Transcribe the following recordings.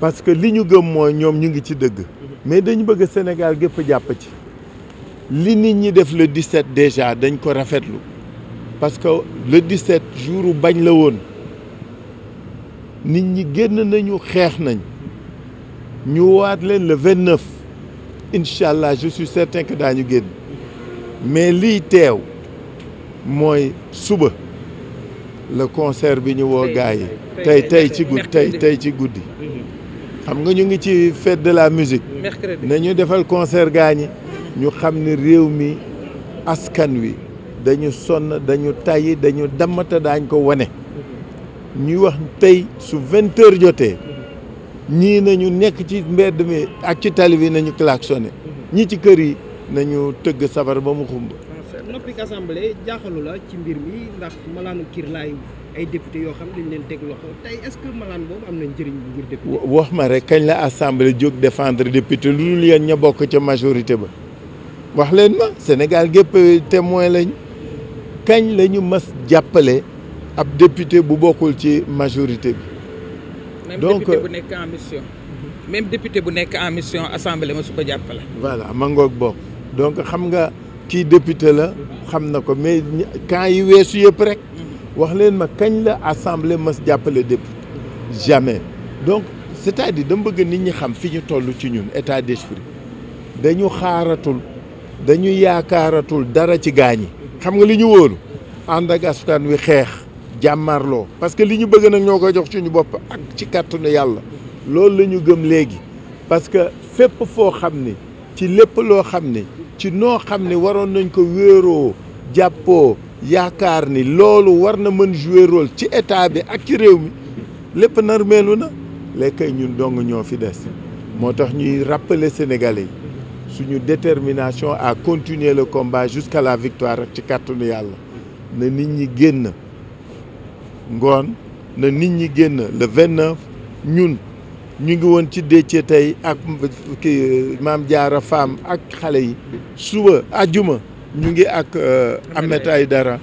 parce que li ñu gëm mooy ñoom ñu ngi ci dëgg mais dañu bëgg Sénégal gépp jàpp ci li nit ñi def le 17 déjà dañ ko rafetlu parce que le 17 jour bañ la woon nit ñi génn nañu xeex nañ ñu waat leen le 29 incha allah je suis certain que daañu génn mais liy teew mooy suba le concert bi ñu woo gars yi tey tey ci tey tey ci guddi xam nga ñu ngi ci fête de la musique na ñu defal concert gaa ñi ñu xam ne réew mi askan wi dañu sonn dañu tàyyi dañu dammata daañ ko wane ñuy wax tey su vingt jotee ñii nañu nekk ci mbedd mi ak ci tali bi nañu klaxonné ñi ci kër yi nañu tëgg sabar ba mu xumb ci mbir mi malaanu kiir laay ay député yoo xam dañ leen teg loxo tey est que malaan am na njëriñ ngir député. wax ma rek kañ la assemblée jóg défendre député lu dul yéen ña bokk ca majorité ba wax leen ma Sénégal gépp témoin lañ kañ la ñu mas jàppale ab député bu bokkul ci majorité bi. donc bu nekk en mission. même député bu nekk en mission assemblée ma su ko jàppale. voilà ma ngoog bokk donc xam nga kii député la. xam na ko mais cas yi weesu yëpp rek. Mm-hmm. wax leen ma kañ la assemblée mas jàppale député jamais donc cest à dama bëgg nit ñi xam fi ñu tollu ci ñun état d'esprit dañu xaaratul dañu yaakaaratul dara ci gaañi xam nga li ñu wóolu ànd ak askan wi xeex jàmmarloo parce que li ñu bëgg nag ñoo koy jox suñu bopp ak ci kàttanu yàlla loolu la ñu gëm léegi parce que fépp foo xam ni ci lépp loo xam ni ci noo xam ni waroon nañ ko wéeroo jàppoo yaakaar ni loolu war na mën jouer rôle ci état bi ak ci réew mi lépp narmeelu na lékkay ñun dong ñoo fi des moo tax ñuy rappeler sénégalais yi suñu détermination à continuer le combat jusqu'à la victoire ci kàttanu yàlla na nit ñi génn ngoon na nit ñi génn le 29 ñun ñu ngi woon ci décce tey ak ki maam jaara femme ak xale yi suba ajuma ñu ngi ak euh, Ahmed dara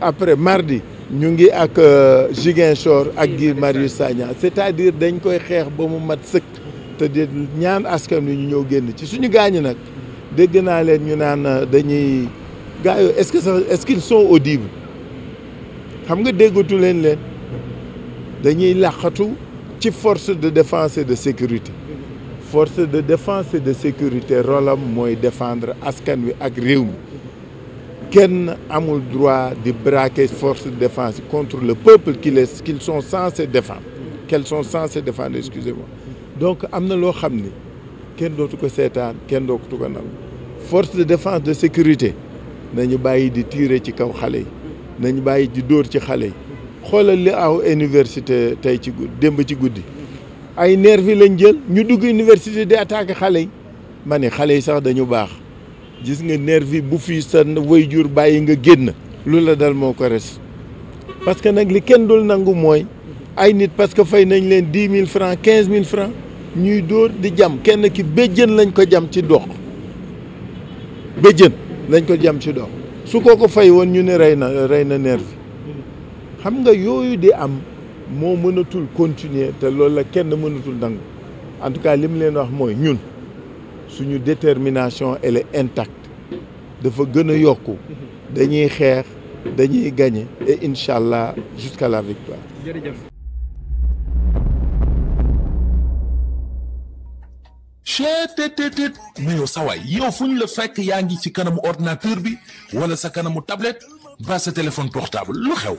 après mardi ñu ngi ak euh, Ziguinchor ak Guy Marius Sagna cest à diir dañ koy xeex ba mu mat sëkk te di ñaan askan wi ñu ñëw génn ci suñu gaañu nag dégg naa leen ñu naan euh, dañuy gars yooyu est-ce que ça est-ce qu'ils xam nga déggatu leen leen dañuy làqatu ci force de défense et de sécurité force de défense et de sécurité rolam mooy défendre askan wi ak réew mi kenn amul droit di braquer force de défense contre le peuple qui les qu'ils sont censés défendre qu'elles sont censées défendre excusez-moi donc am na loo xam ni kenn dootu ko seetaan kenn dootu ko nangu force de défense de sécurité nañu bàyyi di tiire ci kaw xale yi nañu bàyyi di dóor ci xale yi xoolal li aw université tey ci démb ci guddi ay nervi lañ jël ñu dugg université di attaqué xale yi ma ne xale yi sax dañu baax gis nga nervi bu fii sa waajur bàyyi nga génn lu la dal moo ko res parce que nag li kenn dul nangu mooy ay nit parce que fay nañ leen dix mille francs quinze mille francs ñuy dóor di jam kenn ki béjjën lañ ko jam ci dox béjjën lañ ko jam ci dox su ko ko fay woon ñu ne rey na rey na nervi xam nga yooyu di am moo mënatul continuer te loolu la kenn mënatul nangu en tout cas li leen wax mooy ñun suñu détermination elle est dafa gën a yokku dañuy xeex dañuy gagner et incha allah jusqu'à la victoire. jërëjëf. cheetetetet mais yow sawaay yow fu ñu la fekk yaa ngi ci kanamu ordinateur bi wala sa kanamu tablette ba sa téléphone portable lu xew